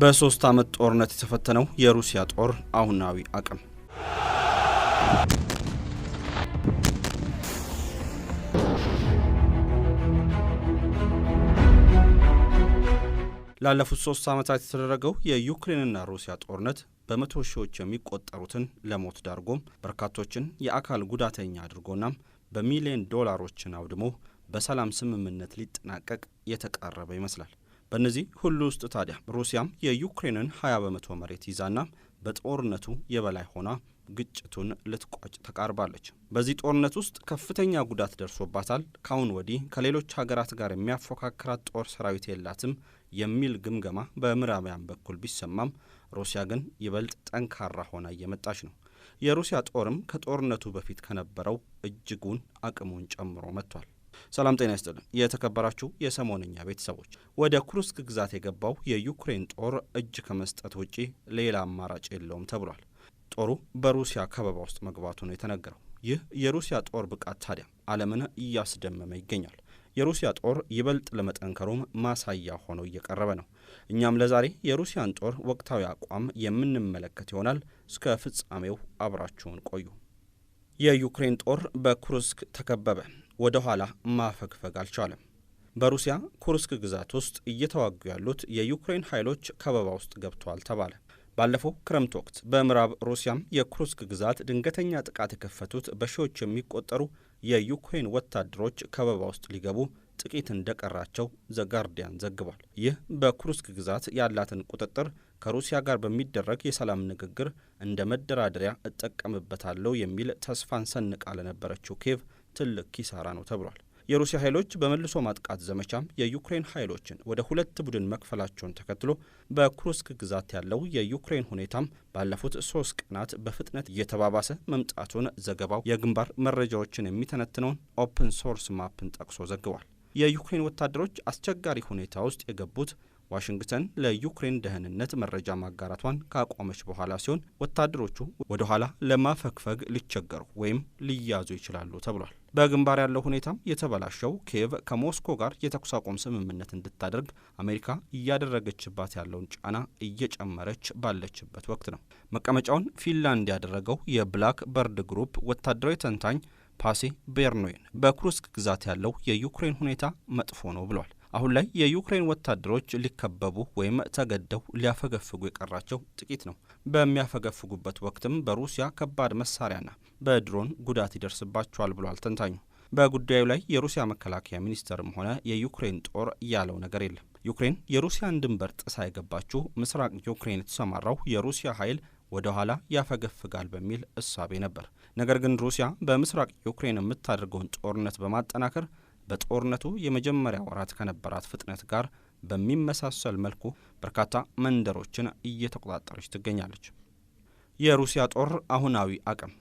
በሶስት ዓመት ጦርነት የተፈተነው የሩሲያ ጦር አሁናዊ አቅም ላለፉት ሶስት ዓመታት የተደረገው የዩክሬንና ሩሲያ ጦርነት በመቶ ሺዎች የሚቆጠሩትን ለሞት ዳርጎም በርካቶችን የአካል ጉዳተኛ አድርጎናም በሚሊዮን ዶላሮችን አውድሞ በሰላም ስምምነት ሊጠናቀቅ የተቃረበ ይመስላል። በእነዚህ ሁሉ ውስጥ ታዲያ ሩሲያም የዩክሬንን 20 በመቶ መሬት ይዛና በጦርነቱ የበላይ ሆና ግጭቱን ልትቋጭ ተቃርባለች። በዚህ ጦርነት ውስጥ ከፍተኛ ጉዳት ደርሶባታል። ካሁን ወዲህ ከሌሎች ሀገራት ጋር የሚያፎካክራት ጦር ሰራዊት የላትም የሚል ግምገማ በምዕራባውያን በኩል ቢሰማም ሩሲያ ግን ይበልጥ ጠንካራ ሆና እየመጣች ነው። የሩሲያ ጦርም ከጦርነቱ በፊት ከነበረው እጅጉን አቅሙን ጨምሮ መጥቷል። ሰላም ጤና ይስጥልን። የተከበራችሁ የሰሞንኛ ቤተሰቦች፣ ወደ ኩርስክ ግዛት የገባው የዩክሬን ጦር እጅ ከመስጠት ውጪ ሌላ አማራጭ የለውም ተብሏል። ጦሩ በሩሲያ ከበባ ውስጥ መግባቱ ነው የተነገረው። ይህ የሩሲያ ጦር ብቃት ታዲያ ዓለምን እያስደመመ ይገኛል። የሩሲያ ጦር ይበልጥ ለመጠንከሩም ማሳያ ሆኖ እየቀረበ ነው። እኛም ለዛሬ የሩሲያን ጦር ወቅታዊ አቋም የምንመለከት ይሆናል። እስከ ፍጻሜው አብራችሁን ቆዩ። የዩክሬን ጦር በኩርስክ ተከበበ። ወደ ኋላ ማፈግፈግ አልቻለም። በሩሲያ ኩርስክ ግዛት ውስጥ እየተዋጉ ያሉት የዩክሬን ኃይሎች ከበባ ውስጥ ገብተዋል ተባለ። ባለፈው ክረምት ወቅት በምዕራብ ሩሲያም የኩርስክ ግዛት ድንገተኛ ጥቃት የከፈቱት በሺዎች የሚቆጠሩ የዩክሬን ወታደሮች ከበባ ውስጥ ሊገቡ ጥቂት እንደቀራቸው ዘጋርዲያን ዘግቧል። ይህ በኩርስክ ግዛት ያላትን ቁጥጥር ከሩሲያ ጋር በሚደረግ የሰላም ንግግር እንደ መደራደሪያ እጠቀምበታለሁ የሚል ተስፋን ሰንቃ ለነበረችው ኬቭ ትልቅ ኪሳራ ነው ተብሏል። የሩሲያ ኃይሎች በመልሶ ማጥቃት ዘመቻም የዩክሬን ኃይሎችን ወደ ሁለት ቡድን መክፈላቸውን ተከትሎ በኩርስክ ግዛት ያለው የዩክሬን ሁኔታም ባለፉት ሶስት ቀናት በፍጥነት እየተባባሰ መምጣቱን ዘገባው የግንባር መረጃዎችን የሚተነትነውን ኦፕን ሶርስ ማፕን ጠቅሶ ዘግቧል። የዩክሬን ወታደሮች አስቸጋሪ ሁኔታ ውስጥ የገቡት ዋሽንግተን ለዩክሬን ደህንነት መረጃ ማጋራቷን ካቆመች በኋላ ሲሆን ወታደሮቹ ወደ ኋላ ለማፈግፈግ ሊቸገሩ ወይም ሊያዙ ይችላሉ ተብሏል። በግንባር ያለው ሁኔታም የተበላሸው ኪየቭ ከሞስኮ ጋር የተኩስ አቁም ስምምነት እንድታደርግ አሜሪካ እያደረገችባት ያለውን ጫና እየጨመረች ባለችበት ወቅት ነው። መቀመጫውን ፊንላንድ ያደረገው የብላክ በርድ ግሩፕ ወታደራዊ ተንታኝ ፓሴ ቤርኖይን በኩርስክ ግዛት ያለው የዩክሬን ሁኔታ መጥፎ ነው ብሏል። አሁን ላይ የዩክሬን ወታደሮች ሊከበቡ ወይም ተገደው ሊያፈገፍጉ የቀራቸው ጥቂት ነው። በሚያፈገፍጉበት ወቅትም በሩሲያ ከባድ መሳሪያና በድሮን ጉዳት ይደርስባቸዋል ብሏል ተንታኙ። በጉዳዩ ላይ የሩሲያ መከላከያ ሚኒስቴርም ሆነ የዩክሬን ጦር ያለው ነገር የለም። ዩክሬን የሩሲያን ድንበር ጥሳ የገባችው ምስራቅ ዩክሬን የተሰማራው የሩሲያ ኃይል ወደ ኋላ ያፈገፍጋል በሚል እሳቤ ነበር። ነገር ግን ሩሲያ በምስራቅ ዩክሬን የምታደርገውን ጦርነት በማጠናከር በጦርነቱ የመጀመሪያ ወራት ከነበራት ፍጥነት ጋር በሚመሳሰል መልኩ በርካታ መንደሮችን እየተቆጣጠረች ትገኛለች። የሩሲያ ጦር አሁናዊ አቅም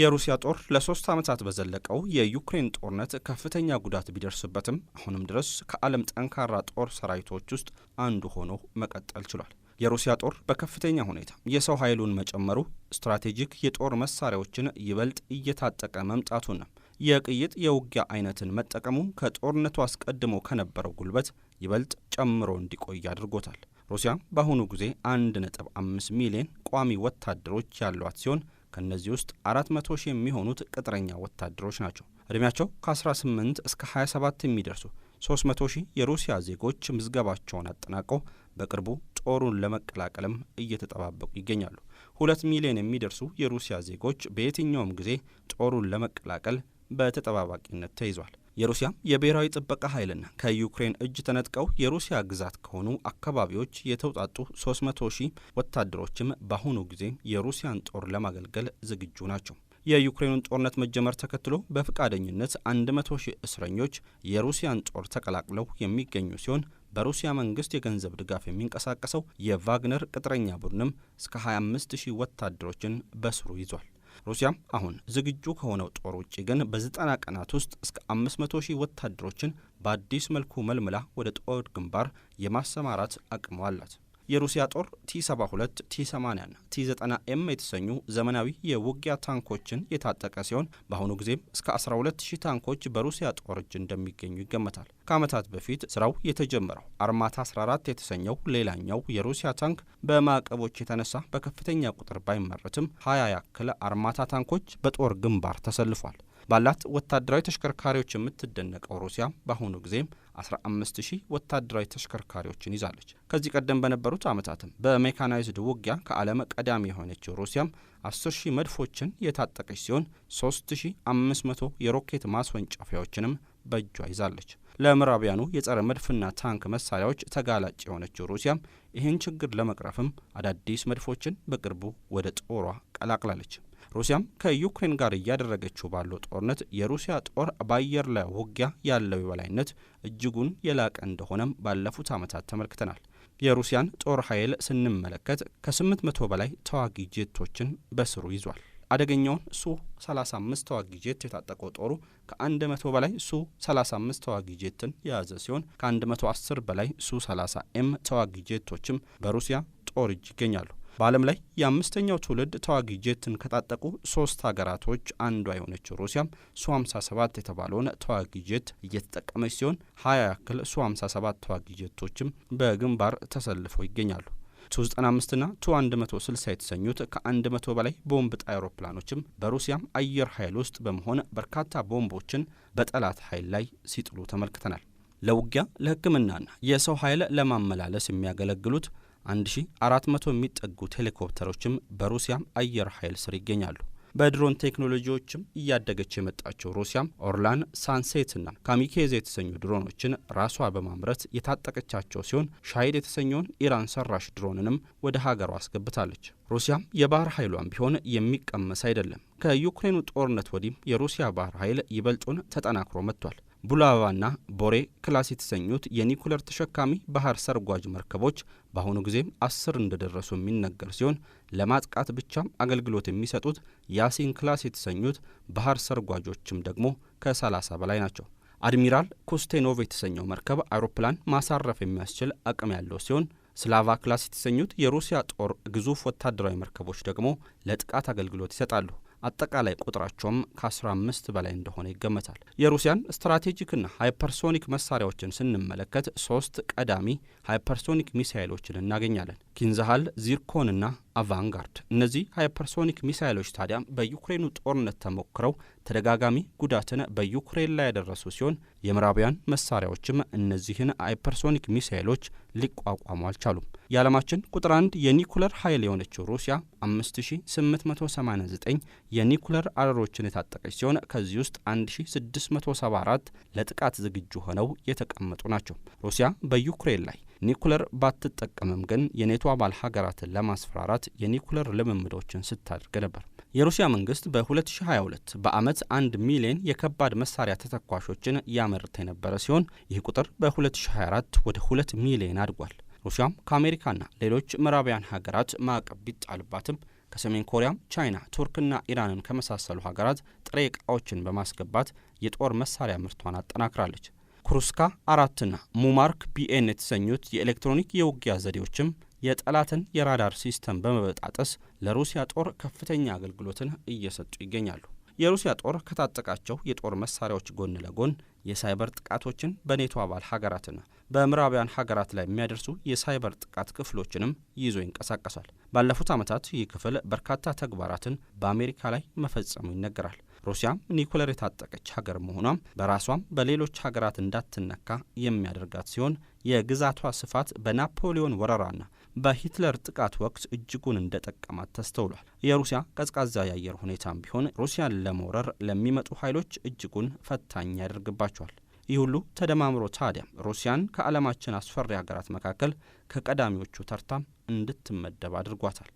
የሩሲያ ጦር ለሶስት ዓመታት በዘለቀው የዩክሬን ጦርነት ከፍተኛ ጉዳት ቢደርስበትም አሁንም ድረስ ከዓለም ጠንካራ ጦር ሰራዊቶች ውስጥ አንዱ ሆኖ መቀጠል ችሏል። የሩሲያ ጦር በከፍተኛ ሁኔታ የሰው ኃይሉን መጨመሩ ስትራቴጂክ የጦር መሳሪያዎችን ይበልጥ እየታጠቀ መምጣቱና የቅይጥ የውጊያ አይነትን መጠቀሙ ከጦርነቱ አስቀድሞ ከነበረው ጉልበት ይበልጥ ጨምሮ እንዲቆይ አድርጎታል። ሩሲያ በአሁኑ ጊዜ 1.5 ሚሊዮን ቋሚ ወታደሮች ያሏት ሲሆን ከእነዚህ ውስጥ 400 ሺህ የሚሆኑት ቅጥረኛ ወታደሮች ናቸው። ዕድሜያቸው ከ18 እስከ 27 የሚደርሱ 300 ሺህ የሩሲያ ዜጎች ምዝገባቸውን አጠናቀው በቅርቡ ጦሩን ለመቀላቀልም እየተጠባበቁ ይገኛሉ። ሁለት ሚሊዮን የሚደርሱ የሩሲያ ዜጎች በየትኛውም ጊዜ ጦሩን ለመቀላቀል በተጠባባቂነት ተይዟል። የሩሲያም የብሔራዊ ጥበቃ ኃይልና ከዩክሬን እጅ ተነጥቀው የሩሲያ ግዛት ከሆኑ አካባቢዎች የተውጣጡ 300 ሺህ ወታደሮችም በአሁኑ ጊዜ የሩሲያን ጦር ለማገልገል ዝግጁ ናቸው። የዩክሬኑን ጦርነት መጀመር ተከትሎ በፈቃደኝነት 100 ሺህ እስረኞች የሩሲያን ጦር ተቀላቅለው የሚገኙ ሲሆን በሩሲያ መንግስት የገንዘብ ድጋፍ የሚንቀሳቀሰው የቫግነር ቅጥረኛ ቡድንም እስከ 25 ሺህ ወታደሮችን በስሩ ይዟል። ሩሲያ አሁን ዝግጁ ከሆነው ጦር ውጭ ግን በዘጠና ቀናት ውስጥ እስከ 500 ሺህ ወታደሮችን በአዲስ መልኩ መልምላ ወደ ጦር ግንባር የማሰማራት አቅሟ አላት። የሩሲያ ጦር ቲ72፣ ቲ80 ና ቲ90ኤም የተሰኙ ዘመናዊ የውጊያ ታንኮችን የታጠቀ ሲሆን በአሁኑ ጊዜም እስከ 120 ታንኮች በሩሲያ ጦር እጅ እንደሚገኙ ይገመታል። ከዓመታት በፊት ስራው የተጀመረው አርማታ 14 የተሰኘው ሌላኛው የሩሲያ ታንክ በማዕቀቦች የተነሳ በከፍተኛ ቁጥር ባይመረትም 20 ያክለ አርማታ ታንኮች በጦር ግንባር ተሰልፏል። ባላት ወታደራዊ ተሽከርካሪዎች የምትደነቀው ሩሲያ በአሁኑ ጊዜም 15000 ወታደራዊ ተሽከርካሪዎችን ይዛለች። ከዚህ ቀደም በነበሩት ዓመታትም በሜካናይዝድ ውጊያ ከዓለም ቀዳሚ የሆነችው ሩሲያም 10000 መድፎችን የታጠቀች ሲሆን 3500 የሮኬት ማስወንጨፊያዎችንም በእጇ ይዛለች። ለምዕራቢያኑ የጸረ መድፍና ታንክ መሳሪያዎች ተጋላጭ የሆነችው ሩሲያም ይህን ችግር ለመቅረፍም አዳዲስ መድፎችን በቅርቡ ወደ ጦሯ ቀላቅላለች። ሩሲያም ከዩክሬን ጋር እያደረገችው ባለው ጦርነት የሩሲያ ጦር በአየር ላይ ውጊያ ያለው የበላይነት እጅጉን የላቀ እንደሆነም ባለፉት ዓመታት ተመልክተናል። የሩሲያን ጦር ኃይል ስንመለከት ከ800 በላይ ተዋጊ ጄቶችን በስሩ ይዟል። አደገኛውን ሱ 35 ተዋጊ ጄት የታጠቀው ጦሩ ከ100 በላይ ሱ 35 ተዋጊ ጄትን የያዘ ሲሆን ከ110 በላይ ሱ 30 ኤም ተዋጊ ጄቶችም በሩሲያ ጦር እጅ ይገኛሉ። በዓለም ላይ የአምስተኛው ትውልድ ተዋጊ ጄትን ከታጠቁ ሶስት ሀገራቶች አንዷ የሆነችው ሩሲያም ሱ 57 የተባለውን ተዋጊ ጄት እየተጠቀመች ሲሆን ሀያ ያክል ሱ 57 ተዋጊ ጄቶችም በግንባር ተሰልፈው ይገኛሉ። ቱ 95ና ቱ 160 የተሰኙት ከ100 በላይ ቦምብ ጣይ አውሮፕላኖችም በሩሲያም አየር ኃይል ውስጥ በመሆን በርካታ ቦምቦችን በጠላት ኃይል ላይ ሲጥሉ ተመልክተናል። ለውጊያ ለሕክምናና የሰው ኃይል ለማመላለስ የሚያገለግሉት 1400 የሚጠጉት ሄሊኮፕተሮችም በሩሲያ አየር ኃይል ስር ይገኛሉ። በድሮን ቴክኖሎጂዎችም እያደገች የመጣቸው ሩሲያም ኦርላን፣ ሳንሴትና ካሚኬዝ የተሰኙ ድሮኖችን ራሷ በማምረት የታጠቀቻቸው ሲሆን ሻሂድ የተሰኘውን ኢራን ሰራሽ ድሮንንም ወደ ሀገሯ አስገብታለች። ሩሲያም የባህር ኃይሏን ቢሆን የሚቀመስ አይደለም። ከዩክሬኑ ጦርነት ወዲህ የሩሲያ ባህር ኃይል ይበልጡን ተጠናክሮ መጥቷል። ቡላባና ቦሬ ክላስ የተሰኙት የኒኩለር ተሸካሚ ባህር ሰርጓጅ መርከቦች በአሁኑ ጊዜም አስር እንደደረሱ የሚነገር ሲሆን ለማጥቃት ብቻም አገልግሎት የሚሰጡት ያሲን ክላስ የተሰኙት ባህር ሰርጓጆችም ደግሞ ከ30 በላይ ናቸው። አድሚራል ኮስቴኖቭ የተሰኘው መርከብ አውሮፕላን ማሳረፍ የሚያስችል አቅም ያለው ሲሆን ስላቫ ክላስ የተሰኙት የሩሲያ ጦር ግዙፍ ወታደራዊ መርከቦች ደግሞ ለጥቃት አገልግሎት ይሰጣሉ። አጠቃላይ ቁጥራቸውም ከ15 በላይ እንደሆነ ይገመታል። የሩሲያን ስትራቴጂክና ሃይፐርሶኒክ መሳሪያዎችን ስንመለከት ሶስት ቀዳሚ ሃይፐርሶኒክ ሚሳይሎችን እናገኛለን። ኪንዛሃል፣ ዚርኮንና አቫንጋርድ። እነዚህ ሃይፐርሶኒክ ሚሳይሎች ታዲያ በዩክሬኑ ጦርነት ተሞክረው ተደጋጋሚ ጉዳትን በዩክሬን ላይ ያደረሱ ሲሆን የምዕራባውያን መሳሪያዎችም እነዚህን ሃይፐርሶኒክ ሚሳይሎች ሊቋቋሙ አልቻሉም። የዓለማችን ቁጥር አንድ የኒኩለር ኃይል የሆነችው ሩሲያ 5889 የኒኩለር አረሮችን የታጠቀች ሲሆን ከዚህ ውስጥ 1674 ለጥቃት ዝግጁ ሆነው የተቀመጡ ናቸው። ሩሲያ በዩክሬን ላይ ኒኩለር ባትጠቀምም ግን የኔቶ አባል ሀገራትን ለማስፈራራት የኒኩለር ልምምዶችን ስታደርግ ነበር። የሩሲያ መንግስት በ2022 በአመት አንድ ሚሊዮን የከባድ መሳሪያ ተተኳሾችን ያመርት የነበረ ሲሆን ይህ ቁጥር በ2024 ወደ 2 ሚሊዮን አድጓል። ሩሲያም ከአሜሪካና ሌሎች ምዕራባውያን ሀገራት ማዕቀብ ቢጣልባትም ከሰሜን ኮሪያም ቻይና፣ ቱርክና ኢራንን ከመሳሰሉ ሀገራት ጥሬ ዕቃዎችን በማስገባት የጦር መሳሪያ ምርቷን አጠናክራለች። ክሩስካ አራትና ሙማርክ ቢኤን የተሰኙት የኤሌክትሮኒክ የውጊያ ዘዴዎችም የጠላትን የራዳር ሲስተም በመበጣጠስ ለሩሲያ ጦር ከፍተኛ አገልግሎትን እየሰጡ ይገኛሉ። የሩሲያ ጦር ከታጠቃቸው የጦር መሳሪያዎች ጎን ለጎን የሳይበር ጥቃቶችን በኔቶ አባል ሀገራትና በምዕራባውያን ሀገራት ላይ የሚያደርሱ የሳይበር ጥቃት ክፍሎችንም ይዞ ይንቀሳቀሳል። ባለፉት ዓመታት ይህ ክፍል በርካታ ተግባራትን በአሜሪካ ላይ መፈጸሙ ይነገራል። ሩሲያም ኒኩለር የታጠቀች ሀገር መሆኗም በራሷም በሌሎች ሀገራት እንዳትነካ የሚያደርጋት ሲሆን የግዛቷ ስፋት በናፖሊዮን ወረራና በሂትለር ጥቃት ወቅት እጅጉን እንደጠቀማት ተስተውሏል። የሩሲያ ቀዝቃዛ የአየር ሁኔታም ቢሆን ሩሲያን ለመውረር ለሚመጡ ኃይሎች እጅጉን ፈታኝ ያደርግባቸዋል። ይህ ሁሉ ተደማምሮ ታዲያ ሩሲያን ከዓለማችን አስፈሪ ሀገራት መካከል ከቀዳሚዎቹ ተርታም እንድትመደብ አድርጓታል።